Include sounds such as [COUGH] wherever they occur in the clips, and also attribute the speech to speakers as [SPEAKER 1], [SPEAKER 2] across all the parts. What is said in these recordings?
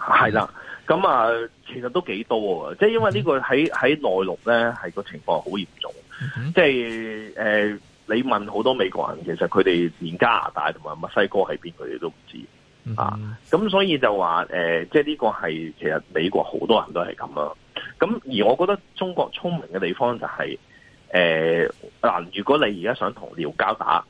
[SPEAKER 1] 係啦，咁啊，其實都幾多喎。即係因為個內陸呢個喺喺內陸咧，係個情況好嚴重。即係誒，你問好多美國人，其實佢哋連加拿大同埋墨西哥喺邊，佢哋都唔知啊。咁所以就話誒，即係呢個係其實美國好多人都係咁啊。咁而我覺得中國聰明嘅地方就係、是、誒，嗱、呃呃，如果你而家想同遼交打，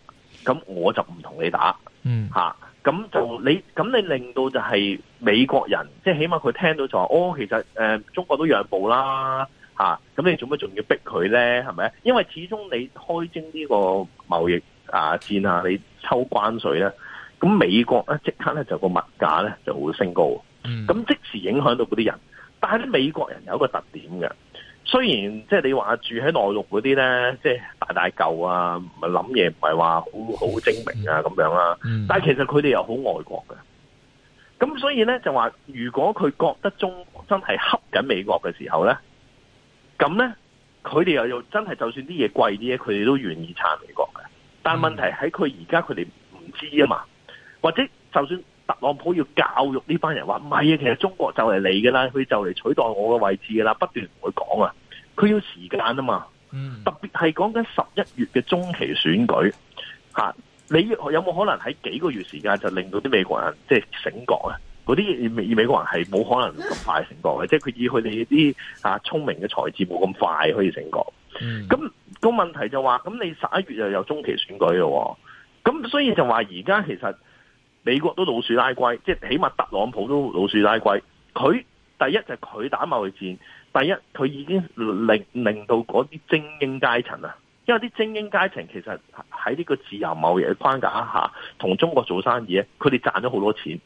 [SPEAKER 1] 咁我就唔同你打，嗯吓。啊咁就你咁你令到就係美國人，即係起碼佢聽到就話，哦，其實、呃、中國都讓步啦嚇，咁、啊、你做乜仲要逼佢咧？係咪？因為始終你開徵呢個貿易啊戰啊，你抽關稅咧，咁美國咧即刻咧就個物價咧就會升高，咁、嗯、即時影響到嗰啲人。但係咧美國人有一個特點嘅，雖然即係你話住喺內陸嗰啲咧，即係。大舊啊，唔係諗嘢，唔係話好好精明啊，咁樣啦，啊。嗯，但係其實佢哋又好愛國嘅，咁所以咧就話，如果佢覺得中國真係恰緊美國嘅時候咧，咁咧佢哋又又真係，就算啲嘢貴啲嘢，佢哋都願意撐美國嘅。但係問題喺佢而家，佢哋唔知啊嘛，或者就算特朗普要教育呢班人話唔係啊，其實中國就嚟你嘅啦，佢就嚟取代我嘅位置嘅啦，不斷同佢講啊，佢要時間啊嘛。嗯、特別係講緊十一月嘅中期選舉吓，你有冇可能喺幾個月時間就令到啲美國人即係、就是、醒覺咧？嗰啲美美國人係冇可能咁快醒覺嘅，即係佢以佢哋啲啊聰明嘅才智冇咁快可以醒覺。咁、嗯那個問題就話，咁你十一月又有中期選舉咯？咁所以就話而家其實美國都老鼠拉龜，即、就、係、是、起碼特朗普都老鼠拉龜。佢第一就係佢打貿易戰。第一，佢已經令令到嗰啲精英階層啊，因為啲精英階層其實喺呢個自由貿易嘅框架下，同中國做生意咧，佢哋賺咗好多錢。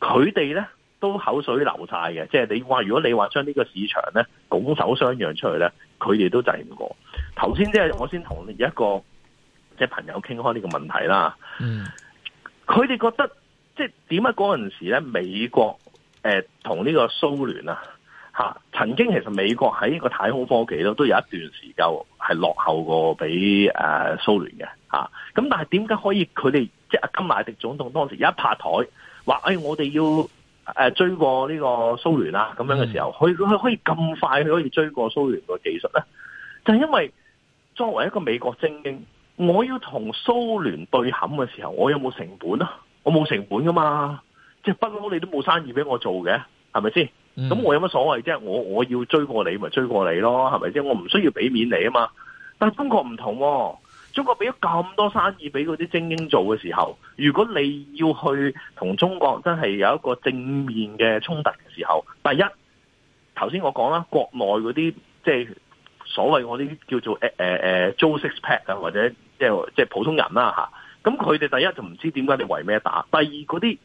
[SPEAKER 1] 佢哋咧都口水流晒嘅，即係你話，如果你話將呢個市場咧拱手相讓出去咧，佢哋都制唔過。頭先即係我先同一個即係、就是、朋友傾開呢個問題啦。
[SPEAKER 2] 嗯，
[SPEAKER 1] 佢哋覺得即係點解嗰陣時咧，美國誒同呢個蘇聯啊？啊、曾經其實美國喺呢個太空科技咯，都有一段時間係落後過俾誒蘇聯嘅啊。咁但係點解可以佢哋即係甘迺迪總統當時一拍枱話，誒、哎、我哋要誒、呃、追過呢個蘇聯啊！咁樣嘅時候，佢佢，嗯、可以咁快可以追過蘇聯個技術咧？就係，因為作為一個美國精英，我要同蘇聯對冚嘅時候，我有冇成本啊？我冇成本噶嘛，即係不嬲你都冇生意俾我做嘅，係咪先？咁、嗯、我有乜所謂啫？我我要追過你，咪追過你咯，係咪先？即係我唔需要俾面你啊嘛。但係中國唔同、哦，中國俾咗咁多生意俾嗰啲精英做嘅時候，如果你要去同中國真係有一個正面嘅衝突嘅時候，第一，頭先我講啦，國內嗰啲即係所謂嗰啲叫做誒誒租息 pat 啊，或者即係即係普通人啦吓，咁佢哋第一就唔知點解你為咩打，第二嗰啲。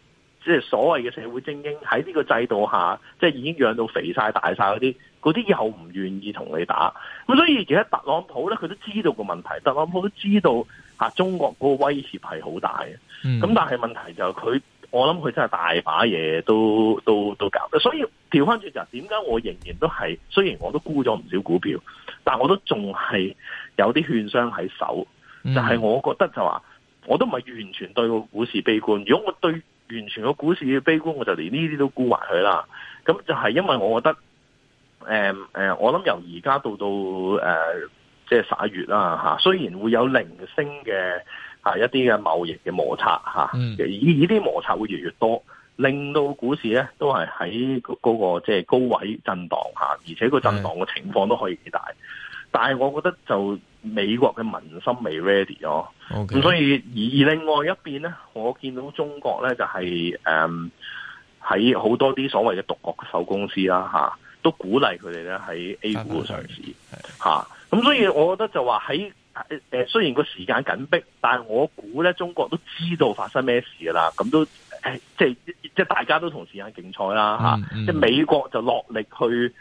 [SPEAKER 1] 即係所謂嘅社會精英喺呢個制度下，即係已經養到肥晒、大晒嗰啲，嗰啲又唔願意同你打。咁所以而家特朗普咧，佢都知道個問題。特朗普都知道中國嗰個威脅係好大嘅。咁但係問題就係佢，我諗佢真係大把嘢都都都搞。所以調翻轉就係點解我仍然都係，雖然我都沽咗唔少股票，但我都仲係有啲券商喺手。但係我覺得就話，我都唔係完全對個股市悲觀。如果我對完全個股市嘅悲觀，我就連呢啲都估埋佢啦。咁就係因為我覺得，誒、呃、誒、呃，我諗由而家到到誒、呃，即係十一月啦吓、啊，雖然會有零星嘅吓、啊、一啲嘅貿易嘅摩擦吓，而呢啲摩擦會越來越多，令到股市咧都係喺嗰個即係、就是、高位震盪吓、啊，而且個震盪嘅情況都可以幾大。但係，我覺得就美國嘅民心未 ready 咯。咁 Okay. 所以，而另外一邊咧，我見到中國咧就係誒喺好多啲所謂嘅獨角獸公司啦，吓都鼓勵佢哋咧喺 A 股上市。吓咁、 [MUSIC] 啊，所以我覺得就話喺誒，雖然個時間緊迫，但係我估咧，中國都知道發生咩事啦。咁都誒、哎，即係即係大家都同時間競賽啦。吓、啊，mm hmm. 即係美國就落力去。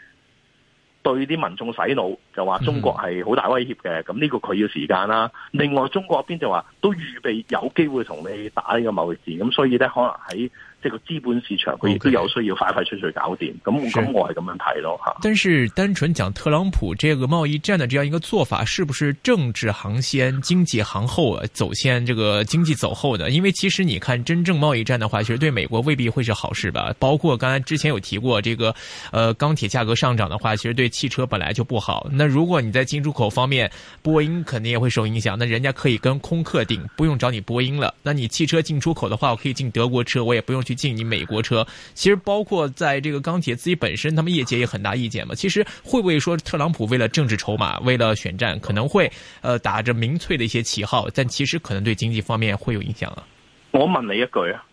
[SPEAKER 1] 對啲民眾洗腦，就話中國係好大威脅嘅，咁、這、呢個佢要時間啦。另外中國一邊就話都預備有機會同你打呢個貿易戰。咁所以咧可能喺。這個資本市場佢亦都有需要快快出去，去搞掂，咁咁我係咁樣
[SPEAKER 2] 睇咯嚇。是嗯、但是單純講特朗普這個貿易戰的這樣一個做法，是不是政治行先經濟行後，走先這個經濟走後的？因為其實你看真正貿易戰的話，其實對美國未必會是好事吧？包括剛才之前有提過，這個，呃鋼鐵價格上漲的話，其實對汽車本來就不好。那如果你在進出口方面，波音肯定也會受影響。那人家可以跟空客訂，不用找你波音了。那你汽車進出口的話，我可以進德國車，我也不用去。進你美國車，其實包括在這個鋼鐵自己本身，他們業界也很大意見嘛。其實會不會說特朗普為了政治籌碼，為了選戰，可能會，呃，打着民粹的一些旗號，但其實可能對經濟方面會有影響啊。
[SPEAKER 1] 我問你一句啊，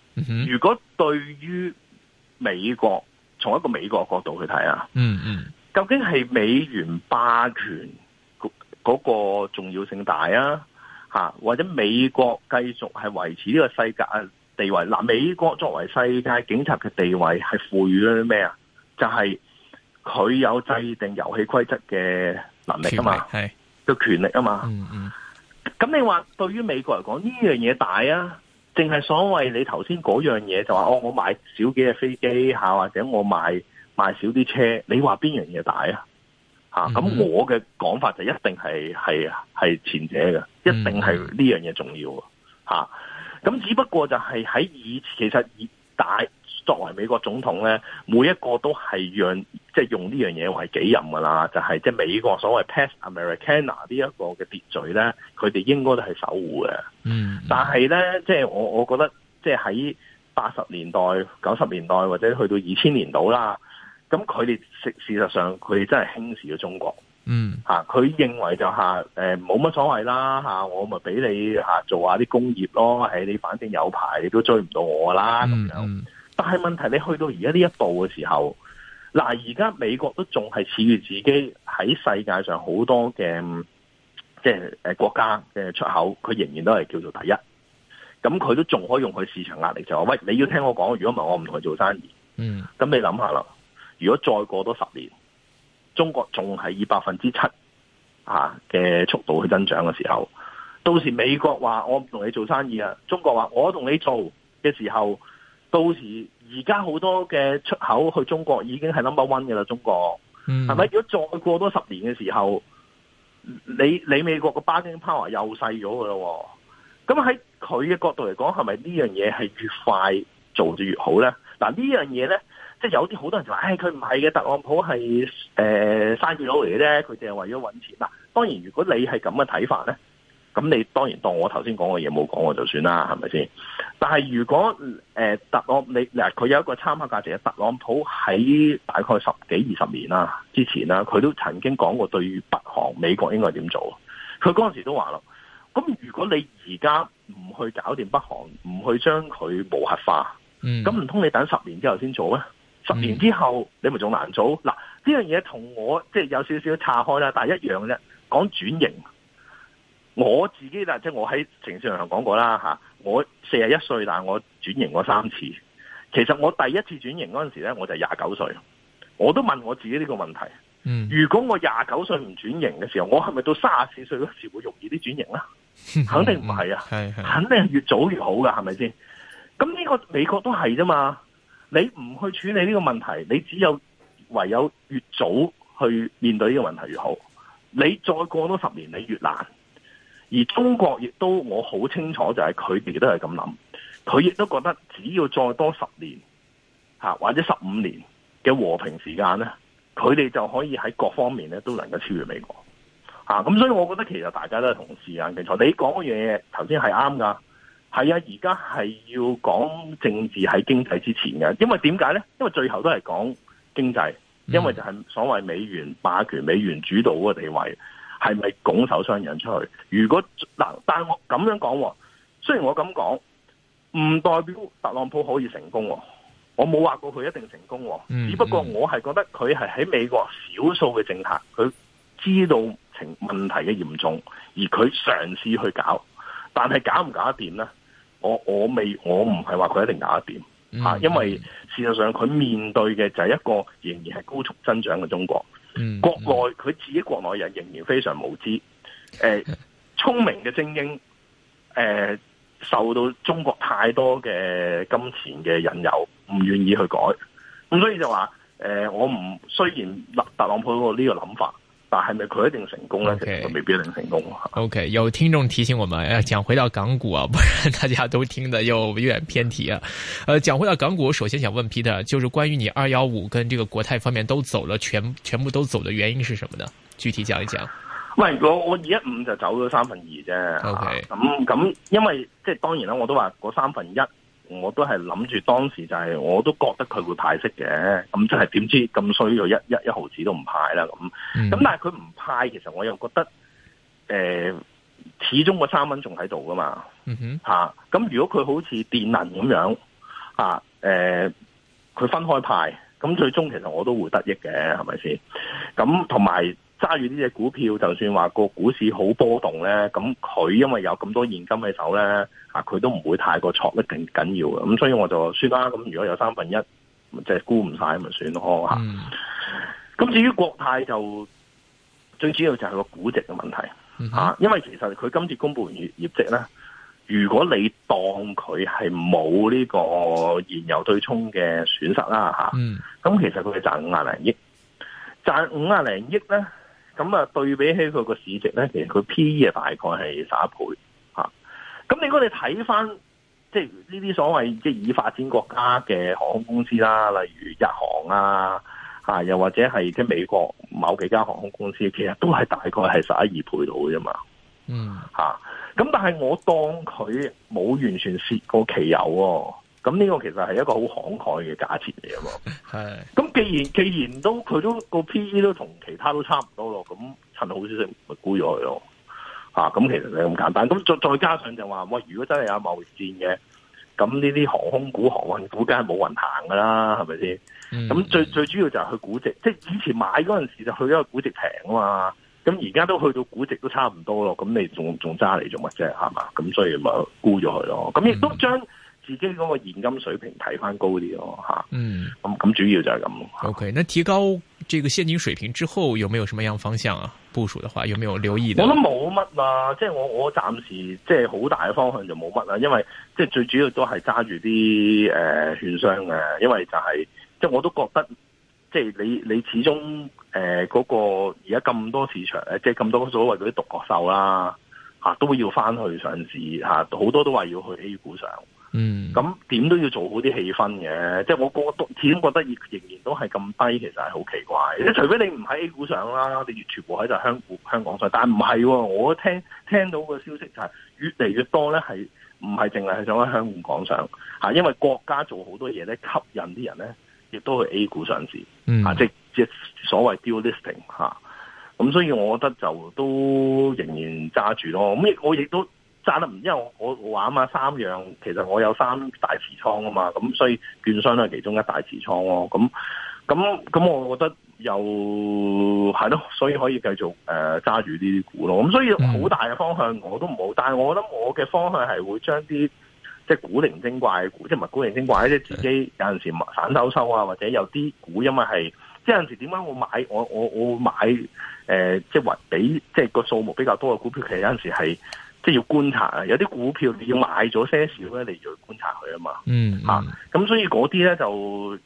[SPEAKER 1] 如果對於美國從一個美國角度去睇啊，嗯嗯，究竟係美元霸權嗰個重要性大啊，吓或者美國繼續係維持呢個世界啊？地位嗱，美國作為世界警察嘅地位係賦予咗啲咩啊？就係、是、佢有制定遊戲規則嘅能力啊嘛，係嘅權力啊嘛。嗯嗯。咁、嗯、你話對於美國嚟講呢樣嘢大啊？淨係所謂你頭先嗰樣嘢就話哦，我買少幾架飛機吓，或者我買買少啲車，你話邊樣嘢大啊？吓咁、嗯嗯啊、我嘅講法就一定係係係前者嘅，一定係呢樣嘢重要吓。啊咁只不過就係喺，以其實以大作為美國總統咧，每一個都係讓即係用呢樣嘢為己任噶啦，就係、是、即係美國所謂 Pax Americana 呢一個嘅秩序咧，佢哋應該都係守護嘅。嗯，但係咧即係我我覺得即係喺八十年代、九十年代或者去到二千年度啦，咁佢哋事實上佢哋真係輕視咗中國。嗯，吓佢、啊、認為就吓，誒、啊，冇乜所謂啦，吓、啊、我咪俾你吓、啊、做下啲工業咯，係、哎、你反正有排，你都追唔到我啦咁、嗯嗯、樣。但係問題你去到而家呢一步嘅時候，嗱、啊，而家美國都仲係恃住自己喺世界上好多嘅，即係誒國家嘅出口，佢仍然都係叫做第一。咁佢都仲可以用佢市場壓力就話，喂，你要聽我講，如果唔係，我唔同佢做生意。嗯，咁你諗下啦，如果再過多十年。中國仲係以百分之七嘅速度去增長嘅時候，到時美國話我唔同你做生意啊，中國話我同你做嘅時候，到時而家好多嘅出口去中國已經係 number one 嘅啦，中國，
[SPEAKER 2] 係咪？嗯、
[SPEAKER 1] 如果再過多十年嘅時候，你你美國嘅 buying power 又細咗噶喎。咁喺佢嘅角度嚟講，係咪呢樣嘢係越快做就越好咧？嗱，呢樣嘢咧。即係有啲好多人就話，誒、哎，佢唔係嘅，特朗普係誒、呃、生意佬嚟嘅啫，佢淨係為咗搵錢啦。當然，如果你係咁嘅睇法咧，咁你當然當我頭先講嘅嘢冇講我就算啦，係咪先？但係如果誒、呃，特朗普，你嗱，佢有一個參考價值嘅，特朗普喺大概十幾二十年啦之前啦，佢都曾經講過對於北韓、美國應該點做。佢嗰陣時都話咯，咁如果你而家唔去搞掂北韓，唔去將佢無核化，咁唔通你等十年之後先做咩？嗯、十年之後，你咪仲難做嗱？呢樣嘢，同我即係有少少岔開啦，但係一樣嘅啫。講轉型，我自己啦，即係我喺情緒上講過啦吓。我四十一歲，但係我轉型過三次。其實我第一次轉型嗰陣時咧，我就廿九歲。我都問我自己呢個問題：，嗯、如果我廿九歲唔轉型嘅時候，我係咪到三十四歲嗰時會容易啲轉型啦？肯定唔係啊，嗯嗯、係係肯定係越早越好噶，係咪先？咁呢個美國都係啫嘛。你唔去處理呢個問題，你只有唯有越早去面對呢個問題越好。你再過多十年，你越難。而中國亦都我好清楚、就是，就係佢哋都係咁諗，佢亦都覺得只要再多十年，吓，或者十五年嘅和平時間咧，佢哋就可以喺各方面咧都能夠超越美國。咁、啊、所以，我覺得其實大家都係同事間嘅錯同時間競賽。你講嘅嘢頭先係啱噶。係啊，而家係要講政治喺經濟之前嘅，因為點解咧？因為最後都係講經濟，因為就係所謂美元霸權、美元主導嗰個地位係咪拱手相讓出去？如果嗱，但係我咁樣講，雖然我咁講，唔代表特朗普可以成功，我冇話過佢一定成功。只不過我係覺得佢係喺美國少數嘅政客，佢知道情問題嘅嚴重，而佢嘗試去搞，但係搞唔搞得掂咧？我我未，我唔係話佢一定搞得掂，吓、嗯，因為事實上佢面對嘅就係一個仍然係高速增長嘅中國，嗯、國內佢自己國內人仍然非常無知，誒、呃，聰明嘅精英，誒、呃，受到中國太多嘅金錢嘅引誘，唔願意去改，咁所以就話，誒、呃，我唔，雖然特朗普呢個諗法。但係咪佢一定成功
[SPEAKER 2] 咧？Okay. 其實佢未必一定成功。OK，有聽眾提醒我們，要講回到港股啊，不然大家都聽得又有點偏題啊。呃，講回到港股，我首先想問 Peter，就是關於你二幺五跟這個國泰方面都走了，全全部都走的原因是什麼呢？具體講一講。
[SPEAKER 1] 喂，我我二一五就走咗三分二啫。OK，咁咁、嗯，因為即係當然啦，我都話嗰三分一。我都係諗住當時就係、是，我都覺得佢會派息嘅，咁即係點知咁衰咗一一一毫子都唔派啦咁。咁、嗯、哼但係佢唔派，其實我又覺得，誒、呃，始終個三蚊仲喺度㗎嘛，吓、嗯哼。咁、啊、如果佢好似電能咁樣，啊，誒、呃，佢分開派，咁最終其實我都會得益嘅，係咪先？咁同埋。揸住呢隻股票，就算話個股市好波動咧，咁佢因為有咁多現金喺手咧，啊，佢都唔會太過挫，得緊緊要嘅。咁所以我就算啦。咁如果有三分一，即係沽唔晒咁咪算咯吓。咁至於國泰就最主要就係個估值嘅問題吓、嗯哼啊，因為其實佢今次公布完業業績咧，如果你當佢係冇呢個燃油對沖嘅損失啦吓，咁、啊嗯、其實佢係賺五廿零億，賺五廿零億咧。咁啊，對比起佢個市值咧，其實佢 P E 啊，大概係十一倍吓。咁你如果你睇翻，即係呢啲所謂即係已發展國家嘅航空公司啦，例如日航啊，吓又或者係即係美國某幾間航空公司，其實都係大概係十一二倍到嘅嘛。嗯，吓。咁但係我當佢冇完全蝕過其有，哦。咁呢個其實係一個好慷慨嘅假設嚟嘅喎，係。咁既然既然都佢都個 P E 都同其他都差唔多咯，咁趁好少少咪沽咗佢咯，嚇、啊。咁其實你係咁簡單。咁再再加上就話，哇！如果真係有貿易戰嘅，咁呢啲航空股、航運股梗係冇運行㗎啦，係咪先？咁最 [LAUGHS] 最主要就係佢估值，即係以前買嗰陣時就去因為估值平啊嘛，咁而家都去到估值都差唔多咯，咁你仲仲揸嚟做乜啫？係嘛？咁所以咪沽咗佢咯。咁亦都將 [LAUGHS] 自己嗰個現金水平睇翻高啲咯，吓，嗯，咁咁主要就係
[SPEAKER 2] 咁 OK，那提高這個現金水平之後，有沒有什麼樣方向啊？部署的話，有沒有留意我我？我都冇
[SPEAKER 1] 乜啊。即係我我暫時即係好大嘅方向就冇乜啦，因為即係最主要都係揸住啲誒券商嘅，因為就係、是、即係我都覺得即係你你始終誒嗰個而家咁多市場咧，即係咁多所謂嗰啲獨角獸啦，吓都要翻去上市吓，好多都話要去 A 股上。嗯，咁點都要做好啲氣氛嘅，即係我覺得始終覺得仍然都係咁低，其實係好奇怪。除非你唔喺 A 股上啦，你越全部喺就香港香港上，但係唔係，我聽聽到個消息就係越嚟越多咧，係唔係淨係係想喺香港上吓，因為國家做好多嘢咧，吸引啲人咧，亦都去 A 股上市，吓即、嗯、即所謂 Dual Listing 吓、啊，咁所以我覺得就都仍然揸住咯。咁我亦都。揸得唔？因為我我玩嘛三樣，其實我有三大持倉啊嘛，咁所以券商都係其中一大持倉咯。咁咁咁，我覺得又係咯，所以可以繼續誒揸住呢啲股咯。咁所以好大嘅方向我都唔好，但係我覺得我嘅方向係會將啲即係古靈精怪股，即係唔係古靈精怪，即係自己有陣時散收收啊，或者有啲股，因為係即係有陣時點解我買我我我買誒、呃、即係或比即係個數目比較多嘅股票，其實有陣時係。即係要觀察啊！有啲股票你要買咗些少咧，你就要觀察佢啊嘛嗯。嗯，吓咁、啊，所以嗰啲咧就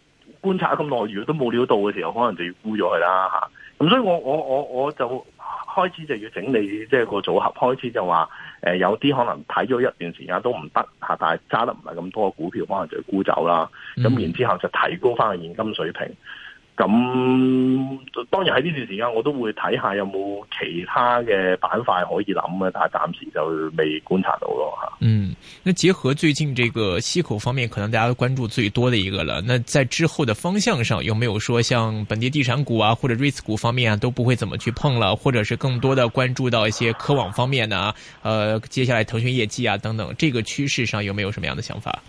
[SPEAKER 1] 觀察咁耐，如果都冇料到嘅時候，可能就要沽咗佢啦。吓、啊、咁，所以我我我我就開始就要整理即係、就是、個組合，開始就話誒、呃，有啲可能睇咗一段時間都唔得吓，但係揸得唔係咁多嘅股票，可能就要沽走啦。咁然之後就提高翻個現金水平。嗯嗯咁當然喺呢段時間，我都會睇下有冇其他嘅板塊可以諗嘅，但係暫時就未觀察到咯吓。
[SPEAKER 2] 嗯，那結合最近這個息口方面，可能大家都關注最多的一個了。那在之後的方向上，有沒有說像本地地產股啊，或者瑞士股方面啊，都不會怎麼去碰了，或者是更多的關注到一些科網方面啊？呃，接下來騰訊業績啊等等，這個趨勢上有沒有什麼樣的想法？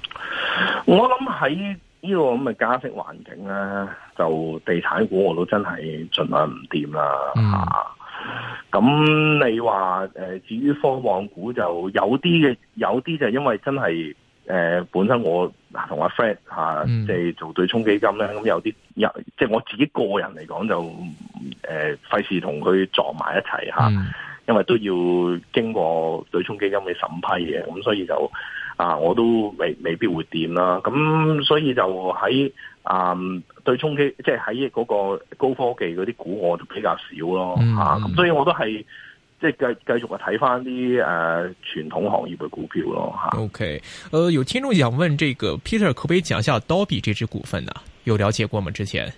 [SPEAKER 1] 我諗喺。呢個咁嘅加息環境咧，就地產股我都真係盡量唔掂啦。吓、嗯，咁、啊、你話誒、呃，至於科網股就有啲嘅，有啲就因為真係誒、呃，本身我同阿 friend 吓、啊，即係、嗯、做對沖基金咧，咁有啲有，即、就、係、是、我自己個人嚟講就誒，費事同佢撞埋一齊吓，啊嗯、因為都要經過對沖基金嘅審批嘅，咁所以就。啊！我都未未必會掂啦，咁所以就喺啊、嗯、對沖機，即係喺嗰個高科技嗰啲股，我就比較少咯嚇。咁、嗯啊、所以我都係即係繼繼續係睇翻啲誒傳統行業嘅股票咯嚇。
[SPEAKER 2] O K，誒有聽眾想問這個 Peter 可唔可以講下 Dobby 這支股份呢、啊？有了解過嗎？之前。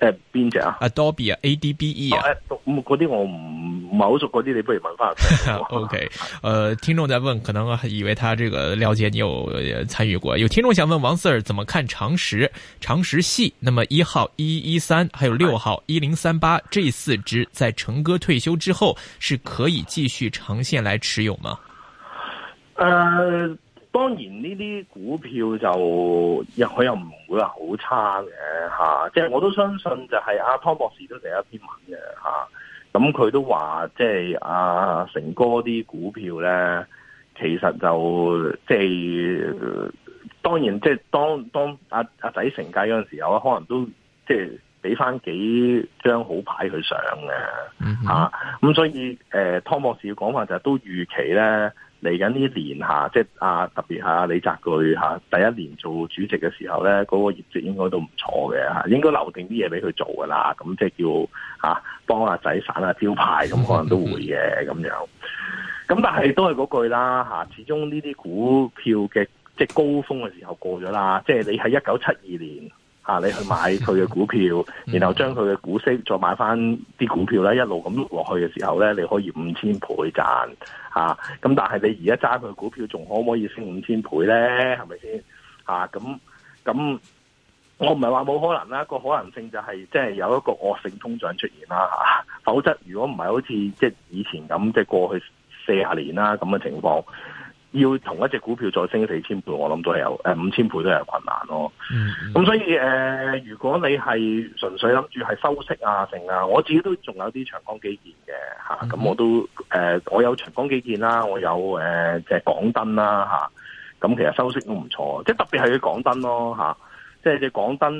[SPEAKER 2] 誒，邊隻啊？Adobe 啊，A D B E 啊，嗰啲
[SPEAKER 1] 啊哦哎、我唔唔係
[SPEAKER 2] 好熟，嗰啲你不如問返。 [LAUGHS] OK，誒、呃，聽眾在問，可能以為他這個了解，你有參與過。有聽眾想問王 Sir，怎麼看長實？長實係，那麼一號一一三，還有六號一零三八，這四隻在成哥退休之後是可以繼續長線來持有嗎？誒、
[SPEAKER 1] 呃。當然呢啲股票就又不、啊就是、我又唔會話好差嘅嚇，即係我都相信就係阿湯博士都第一篇文嘅嚇，咁、啊、佢都話即係阿成哥啲股票咧，其實就即係、就是呃、當然即係當當阿阿仔成介嗰陣時候啊，可能都即係俾翻幾張好牌佢上嘅嚇，咁、啊 Mm-hmm. 啊、所以誒湯、呃、博士嘅講法就係、是、都預期咧。嚟緊呢年吓，即係阿特別吓李澤钜吓，第一年做主席嘅時候咧，嗰、嗰個業績應該都唔錯嘅吓，應該留定啲嘢俾佢做噶啦，咁即係叫吓幫阿仔散下招牌咁，可能都會嘅咁樣。咁 [LAUGHS] 但係都係嗰句啦吓，始終呢啲股票嘅即係高峰嘅時候過咗啦，即係你喺一九七二年。啊！你去買佢嘅股票，然後將佢嘅股息再買翻啲股票咧，一路咁落去嘅時候咧，你可以五千倍賺吓。咁、啊、但係你而家揸佢嘅股票，仲可唔可以升五千倍咧？係咪先？吓咁、咁，我唔係話冇可能啦，個可能性就係、是、即係有一個惡性通脹出現啦吓、啊。否則如果唔係好似即係以前咁，即係過去四廿年啦咁嘅情況。要同一隻股票再升四千倍，我諗都係有，五千倍都係有困難咯。咁、mm hmm. 所以誒、呃，如果你係純粹諗住係收息啊，剩啊，我自己都仲有啲長江基建嘅咁、啊 mm hmm. 我都誒、呃，我有長江基建啦，我有誒即係港燈啦咁、啊、其實收息都唔錯，即係特別係佢港燈咯、啊、即係你港燈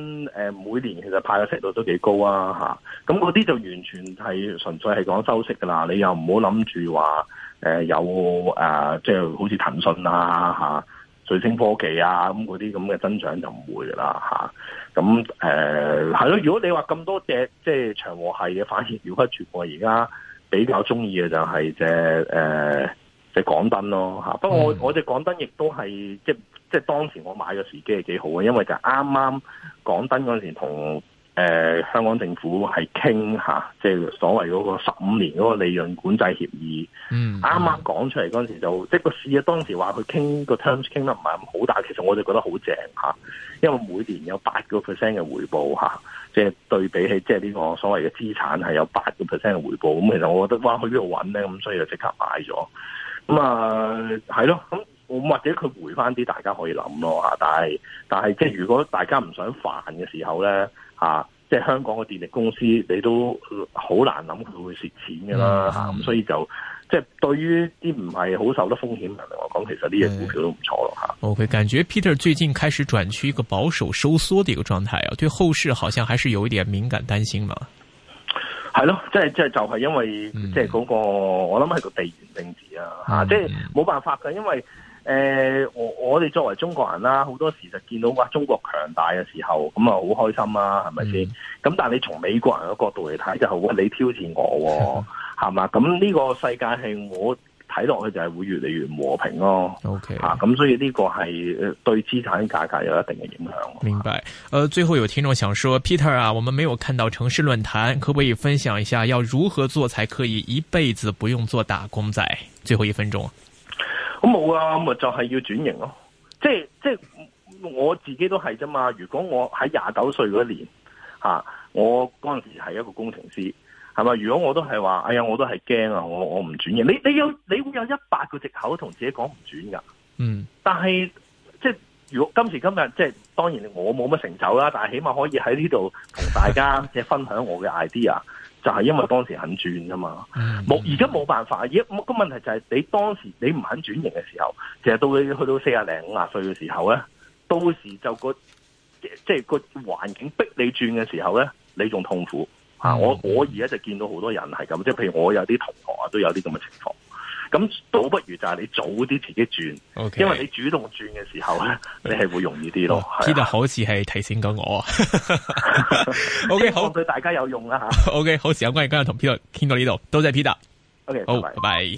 [SPEAKER 1] 每年其實派嘅息率都幾高啊咁，嗰啲就完全係純粹係講收息噶啦，你又唔好諗住話。誒、呃，有誒、即、呃、係好似騰訊啊、吓、啊，瑞星科技啊，咁嗰啲咁嘅增長就唔會啦，吓、啊。咁、嗯、誒、係、呃、咯。如果你話咁多隻即係長和係嘅反而料不全，我而家比較中意嘅就係即係誒、即、呃、係港燈咯，吓。不過我我隻港燈亦都係即即係當時我買嘅時機係幾好嘅，因為就啱啱港燈嗰陣時同。誒、呃，香港政府係傾、啊、即係所謂嗰個十五年嗰個利潤管制協議。嗯，啱啱講出嚟嗰時就，嗯、即係個事。當時話佢傾個 terms 傾得唔係咁好大，其實我就覺得好正、啊、因為每年有八個 percent 嘅回報、啊、即係對比起即係呢個所謂嘅資產係有八個 percent 嘅回報。咁、嗯、其實我覺得，哇！去邊度揾咧？咁所以就即刻買咗。咁、嗯、啊，係咯。咁我或者佢回翻啲，大家可以諗咯吓。但係，但係即係如果大家唔想煩嘅時候咧。啊！即係香港嘅電力公司，你都好難諗佢會蝕錢噶啦，吓咁、mm hmm. 所以就即係對於啲唔係好受得風險嘅人嚟講，其實呢隻股票都唔錯咯，
[SPEAKER 2] 吓。OK，感覺 Peter 最近開始轉趨一個保守收縮嘅一個狀態啊，對後市好像還是有一點敏感擔心嘛。
[SPEAKER 1] 係咯，即係即係就係、是、因為即係嗰個、mm hmm. 我諗係個地緣政治啊，吓、mm hmm. 即係冇辦法噶，因為。誒、呃，我我哋作為中國人啦，好多時就見到話中國強大嘅時候，咁啊好開心啦、啊，係咪先？咁、嗯、但係你從美國人嘅角度嚟睇，就話、是、你挑戰我、哦，係嘛、嗯？咁呢個世界係我睇落去就係會越嚟越唔和平咯、哦。OK，啊，咁所以呢個係對資產價格有一定嘅影響、
[SPEAKER 2] 啊。明白。呃，最後有聽眾想說，Peter 啊，我們沒有看到城市論壇，可不可以分享一下要如何做才可以一輩子不用做打工仔？最後一分鐘。
[SPEAKER 1] 咁冇啊，咁咪就係要轉型咯，即係即係我自己都係啫嘛。如果我喺廿九歲嗰年吓、啊，我嗰陣時係一個工程師，係咪？如果我都係話，哎呀，我都係驚啊，我我唔轉型。你你有你會有一百個借口同自己講唔轉噶，嗯。但係即係如果今時今日，即係當然我冇乜成就啦，但係起碼可以喺呢度同大家即係分享我嘅 idea。 [LAUGHS] 就係因為當時肯轉㗎嘛，冇而家冇辦法。而家個問題就係你當時你唔肯轉型嘅時候，其實到你去到四十零五十歲嘅時候咧，到時就個即係個環境逼你轉嘅時候咧，你仲痛苦吓、嗯。我我而家就見到好多人係咁，即係譬如我有啲同學啊，都有啲咁嘅情況。咁倒不如就係你早啲自己轉，Okay. 因為你主動轉嘅時候咧，你係會容易啲咯。哦啊、Peter
[SPEAKER 2] 好似係提醒緊我 [LAUGHS]
[SPEAKER 1] [LAUGHS] ，OK 好，對大家有用啦、啊、
[SPEAKER 2] 吓。OK 好，好時間關係，今日同 Peter 傾到呢度，多謝 Peter。OK 好，拜拜。